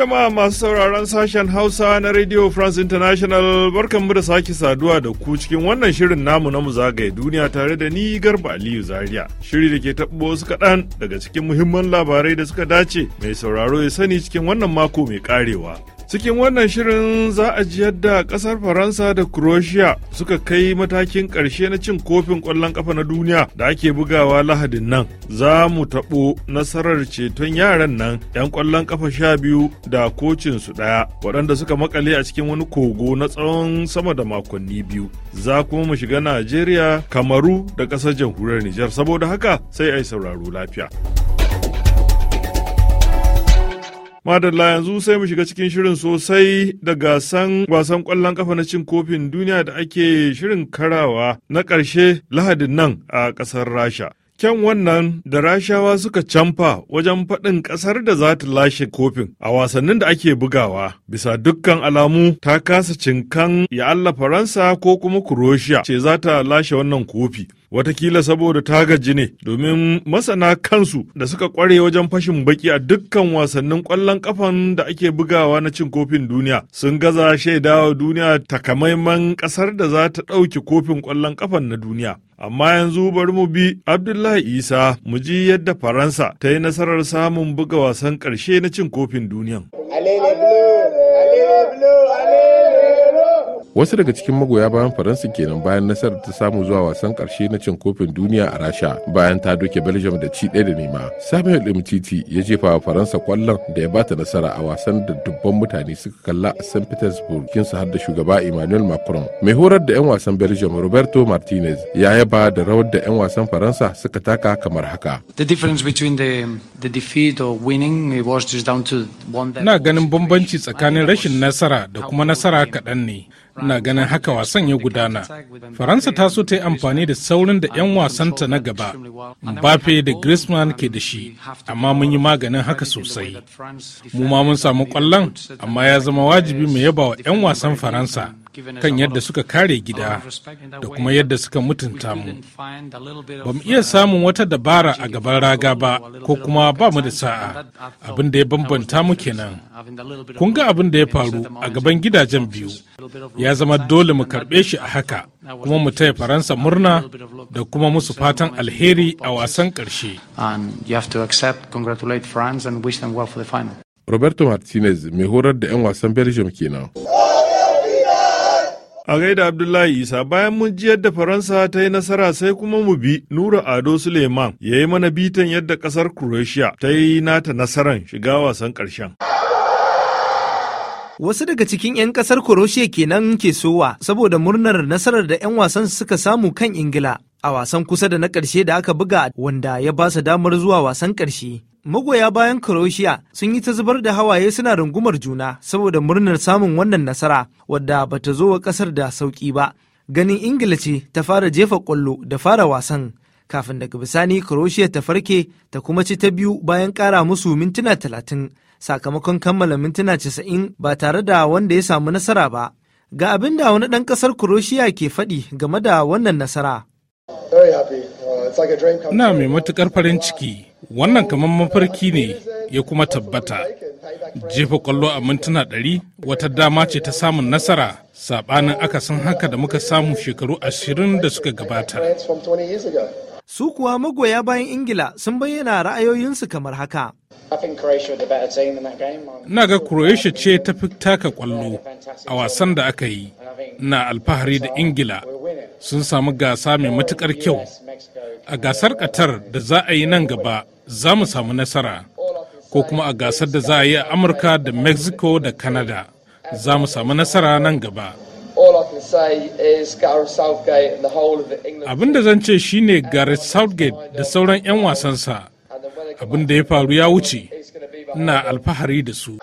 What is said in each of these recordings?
Jama'a masu sauraron sashen Hausa na Radio France International barkanmu da sake saduwa da ku cikin wannan shirin namu na mu zagaye duniya tare da ni Garba Aliyu Zaria. Shiri da ke taɓo wasu kaɗan daga cikin muhimman labarai da suka dace mai sauraro ya sani cikin wannan mako mai karewa. cikin wannan shirin za a ji yadda kasar faransa da croatia suka kai matakin ƙarshe na cin kofin ƙwallon ƙafa na duniya da ake bugawa lahadin nan za mu taɓo nasarar ceton yaran nan 'yan ƙwallon ƙafa sha biyu da kocin su ɗaya waɗanda suka makale a cikin wani kogo na tsawon sama da makonni biyu za kuma mu shiga najeriya kamaru da ƙasar jamhuriyar nijar saboda haka sai a yi sauraro lafiya. Madalla yanzu sai mu shiga cikin shirin sosai da gasan wasan ƙwallon kafa na cin kofin duniya da ake shirin karawa na ƙarshe lahadin nan a ƙasar Rasha. Kyan wannan da Rashawa suka camfa wajen faɗin ƙasar da za ta lashe kofin a wasannin da ake bugawa. Bisa dukkan alamu ta kasa cinkan ya Allah Faransa ko kuma Kuroshiya ce za ta lashe wannan kofi. watakila saboda ta gaji ne domin masana kansu da suka kware wajen fashin baki a dukkan wasannin kwallon kafan da ake bugawa na cin kofin duniya sun gaza shaidawa duniya takamaiman kasar da za ta ɗauki kofin kwallon kafan na duniya amma yanzu bari mu bi abdullahi isa mu ji yadda faransa ta yi nasarar samun buga wasan ƙarshe na cin kofin duniyan. wasu daga cikin magoya bayan faransa kenan bayan nasarar ta samu zuwa wasan karshe na cin kofin duniya a rasha bayan ta doke belgium da ci daya da nema samuel imtiti ya jefa wa faransa kwallon da ya bata nasara a wasan da dubban mutane suka kalla a st petersburg kinsa har da shugaba emmanuel macron mai horar da 'yan wasan belgium roberto martinez ya yaba da rawar da 'yan wasan faransa suka taka kamar haka na ganin bambanci tsakanin rashin nasara da kuma nasara kaɗan ne na ganin haka wasan ya gudana faransa ta so ta yi amfani da saurin da 'yan wasanta na gaba mbappe da griezmann ke da shi amma mun yi maganin haka sosai mu ma mun samu kwallon amma ya zama wajibi mu yaba wa 'yan wasan faransa kan yadda suka kare gida da kuma yadda suka mutunta mu ba mu iya uh, samun wata dabara a gaban raga ba ko kuma ba mu da sa'a abin da ya bambanta mu kenan uh, kun ga abin da ya faru a gaban gidajen biyu ya zama dole mu karɓe shi a haka kuma mu taya faransa murna da kuma musu fatan alheri a wasan ƙarshe roberto martinez mai horar da 'yan wasan belgium kenan A gaida Abdullahi Isa bayan mun ji yadda Faransa ta yi nasara sai kuma mu bi Nura Ado Suleiman ya yi mana bitan yadda ƙasar Croatia ta yi nata nasaran shiga wasan ƙarshen. Wasu daga cikin 'yan kasar croatia kenan ke sowa saboda murnar nasarar da 'yan wasan suka samu kan Ingila a wasan kusa da na ƙarshe da aka buga wanda ya ba su damar zuwa wasan ƙarshe. magoya bayan Croatia sun yi ta zubar da hawaye suna rungumar juna saboda murnar samun wannan nasara wadda bata zo wa kasar da sauki ba. Ganin Ingila ce ta fara jefa kwallo da fara wasan kafin daga bisani Croatia ta farke ta kuma ci ta biyu bayan kara musu mintuna talatin sakamakon kammala mintuna casa'in ba tare da wanda ya samu nasara ba. Ga abin da wani ɗan ƙasar Croatia ke faɗi game da wannan nasara. Very happy. na mai matukar farin ciki, wannan kamar mafarki ne ya kuma tabbata. Jefa kwallo a mintuna ɗari wata dama ce ta samun nasara saɓanin akasin haka da muka samu shekaru ashirin da suka gabata. Su kuwa magoya bayan Ingila sun bayyana ra'ayoyinsu kamar haka. Na ga Croatia ce ta fi taka kwallo a wasan da aka yi. na alfahari da ingila sun samu gasa mai matukar kyau a gasar qatar da za a yi nan gaba za mu samu nasara ko kuma a gasar da za a yi a amurka da mexico da canada za mu samu nasara nan gaba abin zan ce shine gareth southgate da sauran 'yan wasansa abin da ya faru ya wuce na alfahari da su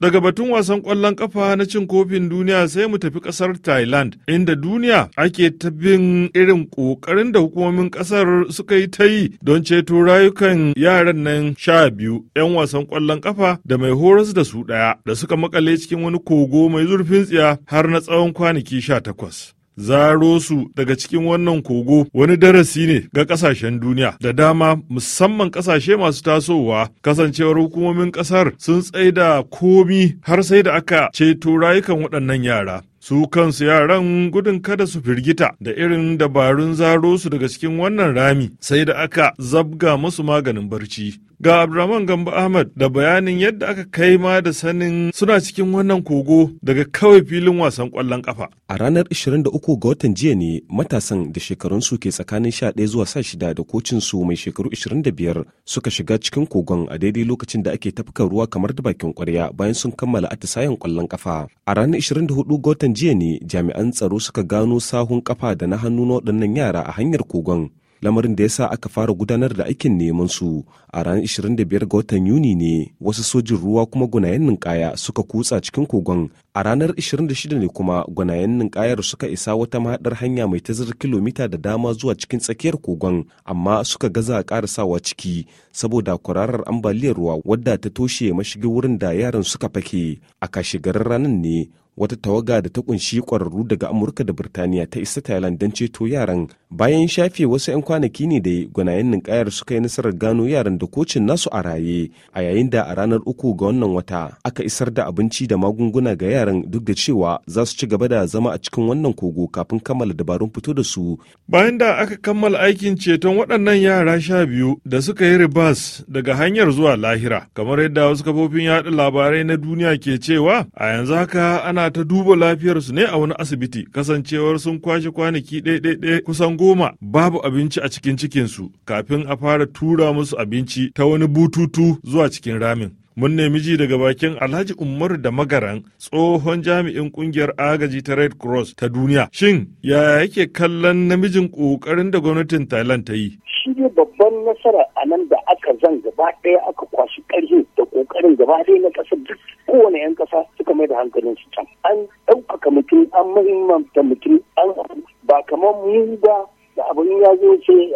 Daga batun wasan ƙwallon ƙafa na cin kofin duniya sai mu tafi ƙasar Thailand, inda duniya ake ta bin irin ƙoƙarin da hukumomin ƙasar suka yi ta yi don ceto rayukan yaran nan sha biyu, 'yan wasan ƙwallon ƙafa da mai horas da su ɗaya, da suka makale cikin wani kogo mai zurfin tsiya har na tsawon kwanaki sha takwas. zaro su daga cikin wannan kogo wani darasi ne ga kasashen duniya da dama musamman kasashe masu tasowa kasancewar hukumomin kasar sun tsaida komi har sai da aka ceto rayukan waɗannan yara su kansu yaran gudun kada su firgita da irin dabarun zaro su daga cikin wannan rami sai da aka zabga musu maganin barci ga abdulrahman gambo ahmad da bayanin yadda aka kai ma da sanin suna cikin wannan kogo daga kawai filin wasan kwallon kafa a ranar 23 ga watan jiya ne matasan da shekarunsu ke tsakanin 11 zuwa 16 da kocin su mai shekaru 25 suka shiga cikin kogon a daidai lokacin da ake tafka ruwa kamar da bakin kwarya bayan sun kammala atisayen kwallon kafa a ranar 24 ga watan jiya ne jami'an tsaro suka gano sahun kafa da na hannu na waɗannan yara a hanyar kogon lamarin da ya sa aka fara gudanar da aikin neman su a ranar 25 ga watan yuni ne wasu sojin ruwa kuma gwanayen ninkaya suka kutsa cikin kogon a ranar 26 ne kuma gwanayen ninkayar suka isa wata mahaɗar hanya mai tazar kilomita da dama zuwa cikin tsakiyar kogon amma suka gaza a sawa ciki saboda kwararar ambaliyar ruwa wadda ta toshe mashigin wurin da yaran suka fake a kashegarar ranar ne wata tawaga da ta kunshi kwararru daga amurka da birtaniya ta isa thailand don ceto yaran bayan shafe wasu 'yan kwanaki ne da gwanayen ninkayar suka yi nasarar gano yaran da kocin nasu a raye a yayin da a ranar uku ga wannan wata aka isar da abinci da magunguna ga yaran duk da cewa za su ci gaba da zama a cikin wannan kogo kafin kammala dabarun fito da su bayan da aka kammala aikin ceton waɗannan yara sha biyu da suka yi ribas daga hanyar zuwa lahira kamar yadda wasu kafofin yaɗa labarai na duniya ke cewa a yanzu haka ana ta duba lafiyarsu ne a wani asibiti kasancewar sun kwashe kwanaki ɗaiɗaiɗai kusan goma babu abinci a cikin cikinsu kafin a fara tura musu abinci ta wani bututu zuwa cikin ramin. mun nemi ji daga bakin alhaji umar da magaran tsohon jami'in kungiyar agaji ta red cross ta duniya shin yaya yake kallon namijin kokarin da gwamnatin thailand ta yi shi ne babban nasara a nan da zan gaba ɗaya aka kwashi ƙarfi da ƙoƙarin gaba ɗaya na ƙasa duk kowane 'yan ƙasa suka mai da hankalin su can an ɗaukaka mutum an muhimmanta mutum an ba kamar mu ba da abin ya zo ce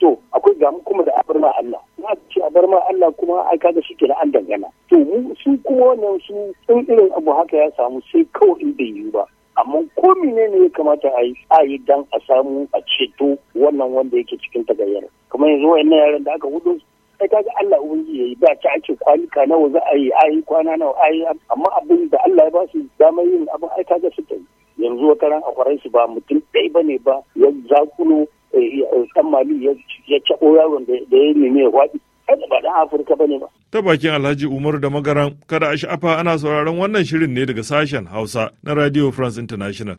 to akwai gamu kuma da abarma Allah na ce abarma Allah kuma ai kaga shi ke an dangana to mu su kuma wannan su in irin abu haka ya samu sai kawai in bai yiwu ba amma ko ne ya kamata a yi a yi dan a samu a ceto wannan wanda yake cikin tagayyar kamar yanzu wayannan yaran da aka hudu sai kaga Allah ubangiji yayi ba ta ake kwalika nawa za a yi ai kwana nawa ai amma abin da Allah ya ba su damar yin abin ai kaga su ta yanzu wata ran a su ba mutum ɗaya bane ba ya zakulo dan eh, eh, mali ya cabo yaron da ya nemi ya waɗi kada ba dan Afirka bane ba. Ta bakin Alhaji Umar da Magaran kada a sha'afa ana sauraron wannan shirin ne daga sashen Hausa na Radio France International.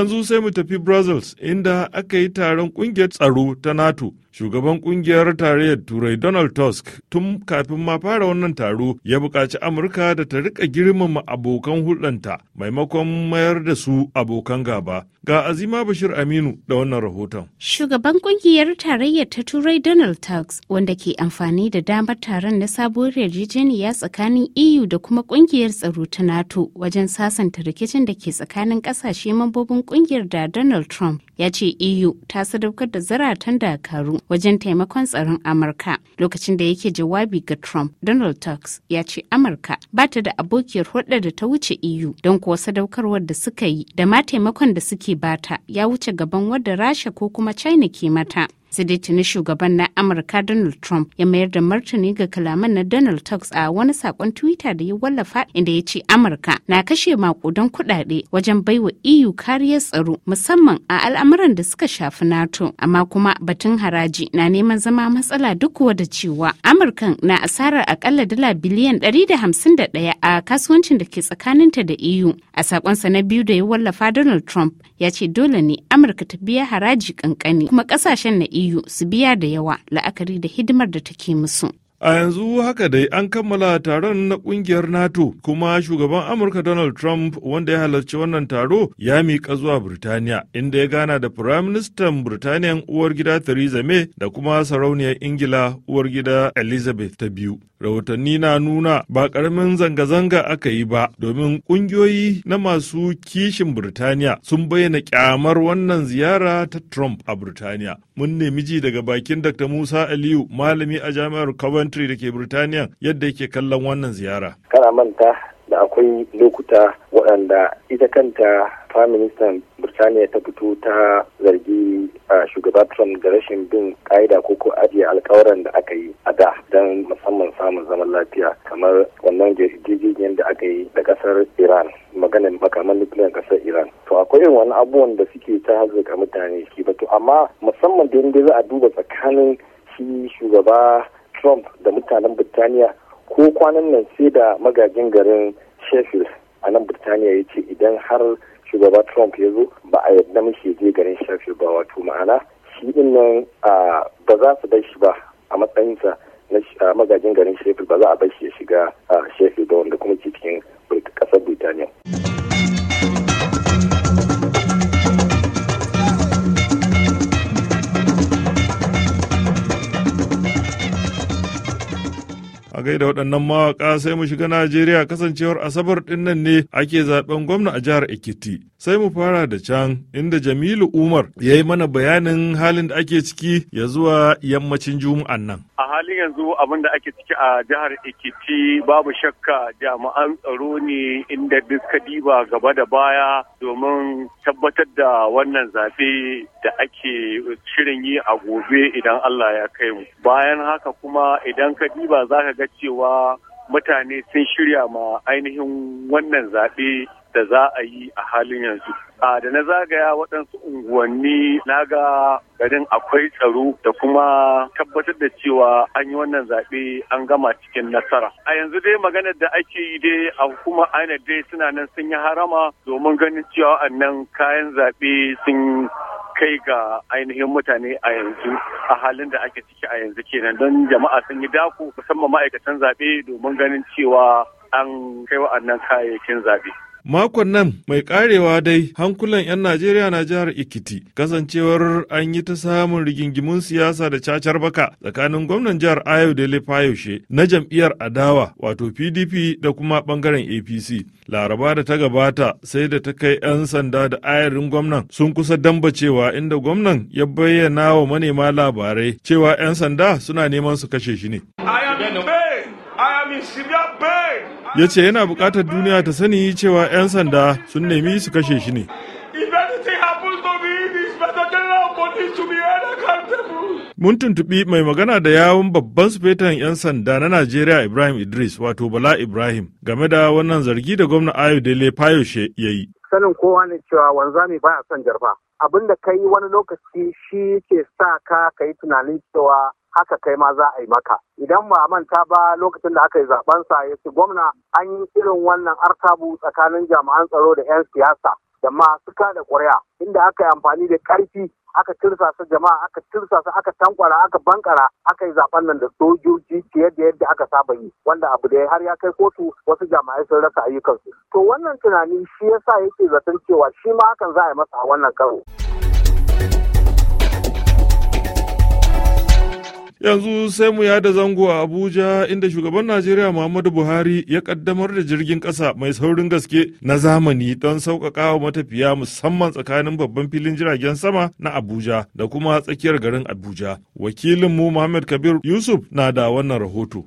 yanzu sai mu tafi Brussels inda aka yi taron ƙungiyar tsaro ta NATO shugaban kungiyar tarayyar turai donald tusk tun kafin ma fara wannan taro ya buƙaci amurka da ta rika girmama abokan hulɗanta maimakon mayar da su abokan gaba ga azima bashir aminu da wannan rahoton shugaban kungiyar tarayyar ta turai donald tusk wanda ke amfani da damar taron na sabuwar yarjejeniya tsakanin eu da kuma kungiyar tsaro ta nato wajen sasanta rikicin da ke tsakanin ƙasashe mambobin kungiyar da donald trump ya ce eu ta sadaukar da zaratan dakaru wajen taimakon tsaron Amurka. Lokacin da yake jawabi ga Trump, Donald Tusk ya ce Amurka ba ta da abokiyar hulɗa da ta wuce EU don kuwa sadaukarwar da suka yi da ma taimakon da suke bata ya wuce gaban wadda Rasha ko kuma China ke mata. sai na shugaban na amurka donald trump ya mayar da martani ga kalaman na donald tusk a wani sakon twitter da ya wallafa inda ya ce amurka na kashe makudan kuɗaɗe wajen baiwa eu kariyar tsaro musamman a al'amuran da suka shafi nato amma kuma batun haraji na neman zama matsala duk da cewa amurkan na asarar akalla dala biliyan 151 a kasuwancin da ke tsakaninta da eu a sakonsa na biyu da ya wallafa donald trump ya ce dole ne amurka ta biya haraji kankani kuma kasashen na eu EU su biya da yawa la'akari da hidimar da take musu. A yanzu haka dai an kammala taron na kungiyar NATO kuma shugaban Amurka Donald Trump wanda ya halarci wannan taro ya miƙa zuwa Birtaniya inda ya gana da Prime Minister Birtaniya uwar gida Theresa May da kuma sarauniyar Ingila uwar gida Elizabeth ta biyu. Rahotanni na nuna ba ƙaramin zanga-zanga aka yi ba domin ƙungiyoyi na masu kishin Birtaniya sun bayyana ƙyamar wannan ziyara ta Trump a Birtaniya mun nemi ji daga bakin Dr. Musa Aliyu malami a jami'ar Coventry da ke Birtaniya yadda yake kallon wannan ziyara. Kana manta da akwai lokuta waɗanda ita kanta prime minister birtaniya ta fito ta zargi a shugaba trump da rashin bin ƙa'ida ko ko ajiye alkawaran da aka yi a da don musamman samun zaman lafiya kamar wannan jirgin da aka yi da kasar iran maganin makaman nukiliyar ƙasar iran to akwai yin wani abubuwan da suke ta hazuka mutane shi ba to amma musamman da za a duba tsakanin shi shugaba trump da mutanen birtaniya ko kwanan nan sai da magajin garin sheffield a nan birtaniya ya ce idan har shugaba trump ya zo ba a yadda mashi je garin sheffield ba wato ma'ana shi din nan ba za su bar shi ba a matsayinsa na magajin garin sheffield ba za a bar shi ya shiga sheffield wanda kuma ke cikin kasar birtaniya. a gaida waɗannan mawaƙa sai mu shiga Najeriya kasancewar Asabar ɗin nan ne ake zaben gwamna a jihar Ekiti. Sai mu fara da can inda Jamilu Umar ya yi mana bayanin halin da ake ciki ya zuwa yammacin Juma'an nan. A halin yanzu abin da ake ciki a jihar Ekiti babu shakka jama'an tsaro ne inda duka diba gaba da baya domin tabbatar da wannan zaɓe da ake shirin yi a gobe idan Allah ya kai mu. Bayan haka kuma idan ka diba za ka ga cewa mutane sun shirya ma ainihin wannan zaɓe da za a yi a halin yanzu. A da na zagaya waɗansu unguwanni na ga garin akwai tsaro da kuma tabbatar da cewa an yi wannan zaɓe an gama cikin nasara. A yanzu dai maganar da ake yi dai a hukumar aina dai suna nan sun yi harama domin ganin cewa annan kayan zaɓe sun kai ga ainihin mutane a yanzu a halin da ake ciki a yanzu kenan don jama'a sun yi dako musamman ma'aikatan zaɓe domin ganin cewa an kai wa'annan kayayyakin zaɓe. Makon nan mai karewa dai hankulan 'yan Najeriya na jihar Ikiti, kasancewar an yi ta samun rigingimun siyasa da cacar baka tsakanin gwamnan jihar Ayo lefa yaushe, na jam'iyyar adawa wato PDP da kuma bangaren APC. Laraba da ta gabata sai da ta kai 'yan sanda da ayarin gwamnan sun kusa dambacewa inda gwamnan ya bayyana wa manema labarai cewa 'yan sanda suna neman su kashe shi ne. I am I am in severe ya ce yana bukatar duniya ta sani cewa 'yan sanda sun nemi su kashe shi ne. Mun tuntuɓi mai magana da yawun babban sufetan 'yan sanda na Najeriya Ibrahim Idris wato Bala Ibrahim game da wannan zargi da gwamna Ayo Dele Fayoshe ya yi. Sanin kowa ne cewa wanzami ba a son jarfa. Abin da ka yi wani lokaci shi ke sa ka ka yi tunanin cewa haka kai ma za a yi maka idan ba manta ba lokacin da aka yi zaben sa ya ci gwamna an yi irin wannan artabu tsakanin jami'an tsaro da 'yan siyasa da masu kada ƙwarya inda aka yi amfani da ƙarfi aka tirsasa jama'a aka tirsasa aka tankwara aka bankara aka yi zaben nan da sojoji fiye da yadda aka saba yi wanda abu da ya har ya kai kotu wasu jama'ai sun rasa ayyukansu to wannan tunani shi yasa yake zaton cewa shi ma hakan za a yi masa a wannan karo. Yanzu sai mu yada zango a Abuja inda shugaban Najeriya Muhammadu Buhari ya kaddamar da jirgin kasa mai saurin gaske na zamani don sauƙaƙa wa matafiya musamman tsakanin babban filin jiragen sama na Abuja da kuma tsakiyar garin Abuja. Wakilin mu Muhammad Kabir Yusuf na da wannan rahoto.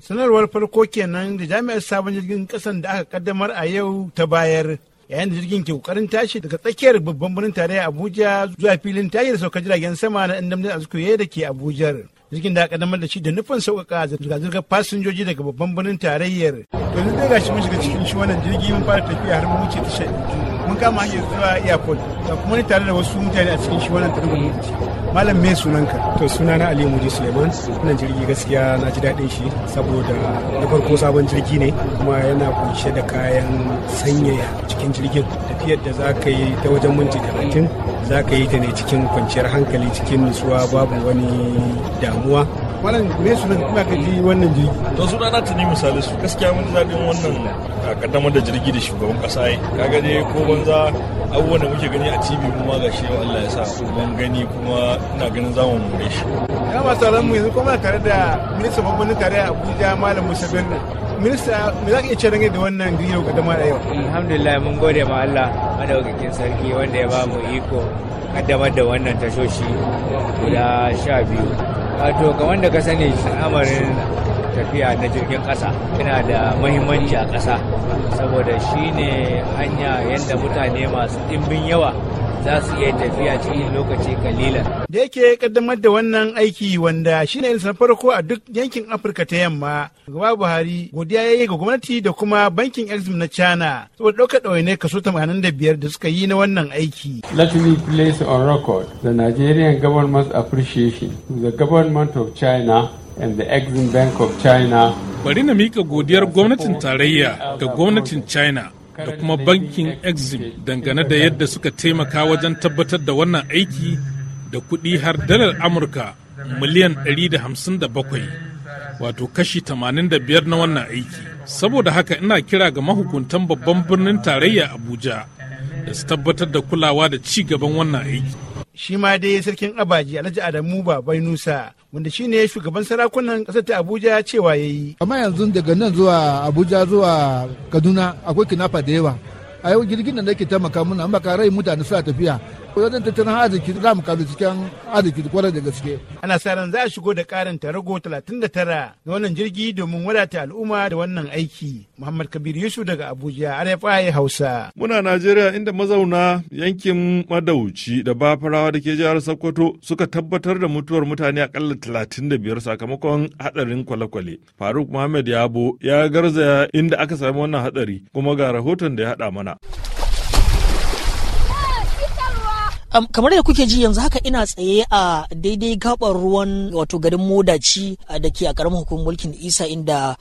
Sanarwar farko kenan da jami'ar sabon jirgin kasan da aka kaddamar a yau ta bayar yayin da jirgin ke kokarin tashi daga tsakiyar babban birnin tarayya abuja zuwa filin tashi da saukar jiragen sama na ɗan a azukuye da ke abuja jirgin da aka damar da shi da nufin sauƙaƙa zirga-zirgar fasinjoji daga babban birnin tarayyar yanzu dai gashi mun shiga cikin shi wannan jirgi mun fara tafiya har mun wuce tashar mun kama hanyar zuwa airport da kuma ni tare da wasu mutane a cikin shi wannan tarin mutane malam me sunanka to suna na Ali muji Suleiman wannan jirgi gaskiya na ji daɗin shi saboda na farko sabon jirgi ne kuma yana kunshe da kayan sanyaya cikin jirgin tafiyar da za ka yi ta wajen minti talatin za ka yi ta ne cikin kwanciyar hankali cikin nutsuwa babu wani damuwa malam me ne kuma ka ji wannan jirgi to suna na tuni misali su gaskiya mun daɗin wannan kaddamar da jirgi da shugaban kasa yi kaga dai ko banza abubuwan da muke gani a tv mu ma gashi yau Allah ya sa ban gani kuma ina ganin zamu more shi ya ma sauran mu yanzu kuma tare da minista babban tare a Abuja malam Musa Bello minista me za ka iya cewa da wannan jirgi da kaddamar a yau alhamdulillah mun gode ma Allah madaukakin sarki wanda ya ba mu iko kaddamar da wannan tashoshi guda sha biyu wato ga wanda ka sani al'amarin tafiya na jirgin ƙasa yana da muhimmanci a ƙasa saboda shine hanya yadda mutane masu ɗimbin yawa za su iya tafiya cikin lokaci kalilan. Da yake kaddamar da wannan aiki wanda shi ne farko a duk yankin Afirka ta yamma, gaba Buhari godiya ya yi ga gwamnati da kuma bankin Exim na China saboda ɗaukar ne kaso tamanin da biyar da suka yi na wannan aiki. Let me place on record the Nigerian government's appreciation to the government of China and the Exim Bank of China. Bari na mika godiyar gwamnatin tarayya ga gwamnatin China da kuma bankin exim dangane da yadda suka taimaka wajen tabbatar da wannan aiki da kuɗi har dalar amurka miliyan 157 wato kashi 85 na wannan aiki saboda haka ina kira ga mahukuntan babban birnin tarayya abuja da su tabbatar da kulawa da ci gaban wannan aiki shi ma dai sarkin abaji alhaji adamu babai nusa wanda shi ne shugaban sarakunan ƙasar ta abuja cewa ya yi amma yanzu daga nan zuwa abuja zuwa kaduna akwai kinafa da yawa a yau jirgin da ke taimaka muna an ka rai mutane suna tafiya wajen tattalin arziki za mu kalli cikin arziki kwarai da gaske. Ana sa ran za a shigo da karin tarago 39 da wannan jirgi domin wadata al'umma da wannan aiki. Muhammad Kabir Yusuf daga Abuja, RFI Hausa. Muna Najeriya inda mazauna yankin Madauci da Bafarawa da ke jihar Sokoto suka tabbatar da mutuwar mutane akalla 35 sakamakon hadarin kwale-kwale. Faruk Muhammad Yabo ya garzaya inda aka sami wannan hatsari kuma ga rahoton da ya haɗa mana. kamar da kuke ji yanzu haka ina tsaye a daidai gabar ruwan wato garin modaci da ke a karamar hukumar mulkin isa inda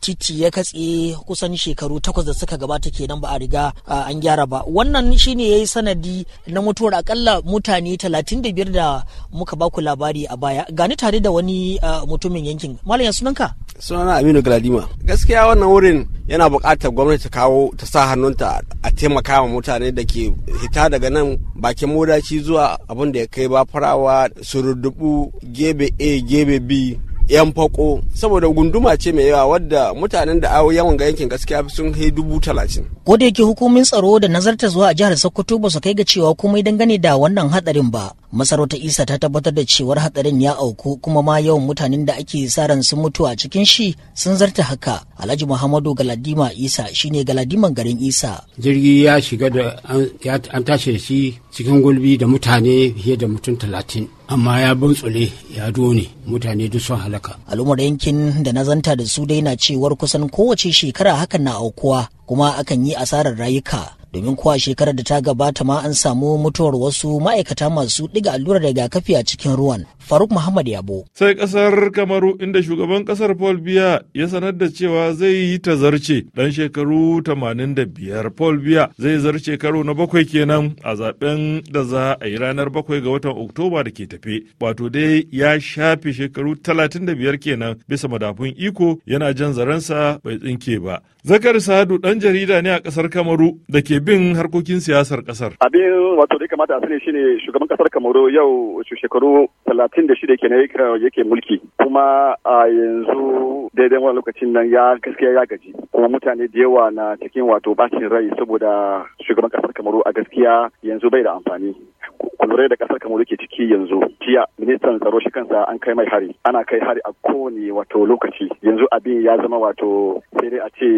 titi ya katse kusan shekaru takwas da suka gabata kenan ba a riga an gyara ba wannan shine ya yi sanadi na mutuwar akalla mutane talatin da muka baku labari a baya gani tare da wani mutumin yankin malam ya sunanka sunana aminu galadima gaskiya wannan wurin yana buƙatar gwamnati ta kawo ta sa hannunta a taimaka wa mutane da ke hita daga nan bakin moda madaci zuwa abin da ya kai ba farawa surudubu gebe a gebe b yan fako saboda gunduma ce mai yawa wadda mutanen da awo yawan ga yankin gaskiya sun kai dubu talatin. Ko da yake hukumin tsaro da nazarta zuwa a jihar Sokoto ba su kai ga cewa komai dangane da wannan hatsarin ba. masarauta isa ta tabbatar da cewar hatsarin ya auku kuma ma yawan mutanen da ake sa sun mutu a cikin shi sun zarta haka alhaji muhammadu galadima isa shine galadiman garin isa jirgi ya shiga da an tashi shi cikin gulbi da mutane fiye da mutum talatin amma ya buntsule ya done mutane duk sun halaka al'ummar yankin da na zanta da su dai na cewar kusan kowace shekara hakan na aukuwa kuma akan yi asarar rayuka domin kuwa shekarar da ta gabata ma an samu mutuwar wasu ma'aikata masu ɗiga allurar rigakafi a cikin ruwan faruk muhammad yabo sai kasar kamaru inda shugaban kasar paul biya ya sanar da cewa zai yi ta zarce dan shekaru 85 paul biya zai zarce karo na bakwai kenan a zaben da za a yi ranar bakwai ga watan oktoba da ke tafe wato dai ya shafe shekaru 35 kenan bisa madafun iko yana jan zarensa bai tsinke ba zakar sadu dan jarida ne a kasar kamaru da ke bin harkokin siyasar kasar. Abin wato da kamata a sani shine shugaban kasar Kamaru yau shekaru talatin da shida kenan yake mulki kuma a yanzu daidai wani lokacin nan ya gaskiya ya gaji kuma mutane da yawa na cikin wato bacin rai saboda shugaban kasar Kamaru a gaskiya yanzu bai da amfani. kulurai da kasar kamaru ke ciki yanzu jiya ministan tsaro shi kansa an kai mai hari ana kai hari a kowane wato lokaci yanzu abin ya zama wato sai dai a ce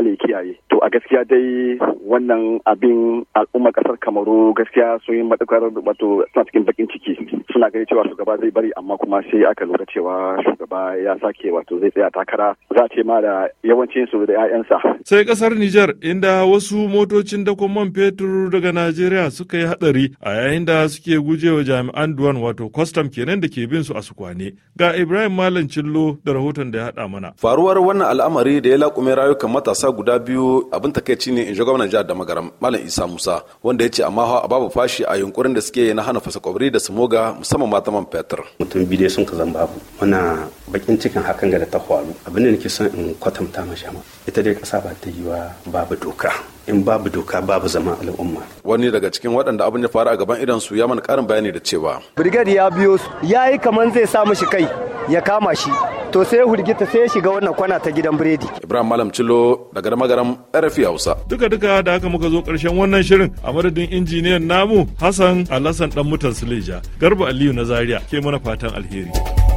ale kiyaye to a gaskiya dai wannan abin al'umma kasar kamaru gaskiya sun yi matukar wato suna cikin bakin ciki suna gani cewa shugaba zai bari amma kuma sai aka lura cewa shugaba ya sake wato zai tsaya takara za a ce ma da yawancin su da 'ya'yansa sai kasar Nijar inda wasu motocin dakon man fetur daga Najeriya suka yi hadari a yayin da waɗanda suke gujewa jami'an duwan wato kwastam kenan da ke bin su a sukwane ga ibrahim malam cillo da rahoton da ya haɗa mana faruwar wannan al'amari da ya laƙume rayukan matasa guda biyu abin takaici ne in shugaban jihar da magaram malam isa musa wanda ya ce amma a babu fashi a yunkurin da suke na hana fasa kwabri da moga musamman mata man fetur mutum biyu sun ka zan babu muna bakin cikin hakan ga da ta faru abin da nake son in kwatanta mashama ita dai ƙasa ba ta yiwa babu doka in babu doka babu zama al'umma wani daga cikin waɗanda abin ya faru a gaban irin su ya mana karin bayani da cewa brigade ya biyo su ya yi kamar zai sa mishi kai ya kama shi to sai hurgita sai ya shiga wannan kwana ta gidan biredi. Ibrahim Malam cilo daga magaram RFI Hausa. Duka duka da haka muka zo karshen wannan shirin a madadin injiniyan namu Hassan Alhassan dan mutan Suleja Garba Aliyu na Zaria ke mana fatan alheri.